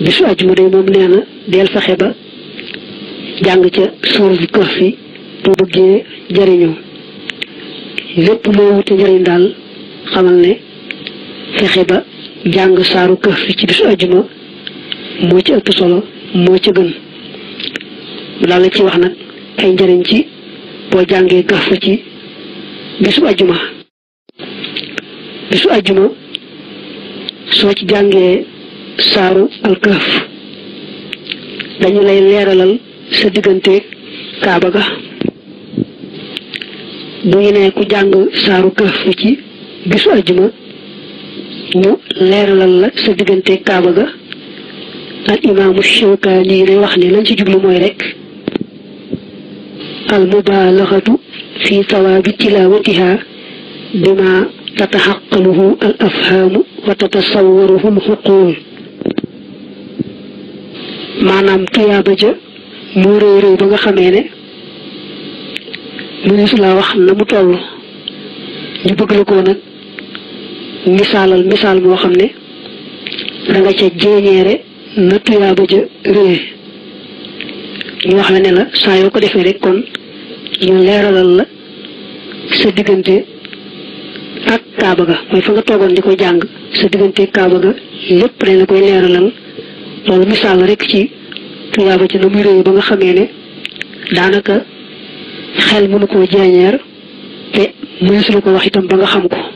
bisu ajuma day moom nee na fexe ba jàng ca suuratul kahfi boo bëggee jariñoo lépp loo wute njariñ daal xamal ne fexe ba jàng saaru kahfi ci bisu ajuma moo ci ëpp solo moo ci gën mu daal la ci wax nag ay njariñ ci boo jàngee kahf ci bisu ajuma bisu ajuma soo ci jàngee saaru alkahf dañu lay leeralal sa digganteeg kaaba ga bu ñu ne ku jàng saaru kahf ci bisu ajuma ñu leeralal la sa digganteeg kaaba ga al imaamu Shawkaani day wax ni lañ ci jublu mooy rek al mubaalaxatu fi tawaabi tilaawatiha bima tataxaqaluhu al afhaamu wa tatasawwaruhu al maanaam tuyaaba jë moo réy réy ba nga xamee ne mu su laa wax na mu toll ñu bëgg la koo nag misaalal misaal moo xam ne da nga ca jéeñeere na tuyaaba ja réy ñu wax la ne la saa yoo ko defee rek kon ñu leeralal la sa diggante ak kaaba ga mooy fa nga toogoon di ko jàng sa diggante kaaba ga lépp dañ la koy leeralal loolu misaal rek ci tuyaaba ci na muy réy ba nga xamee ne daanaka xel mënu koo jeeñeer te mënees la ko wax itam ba nga xam ko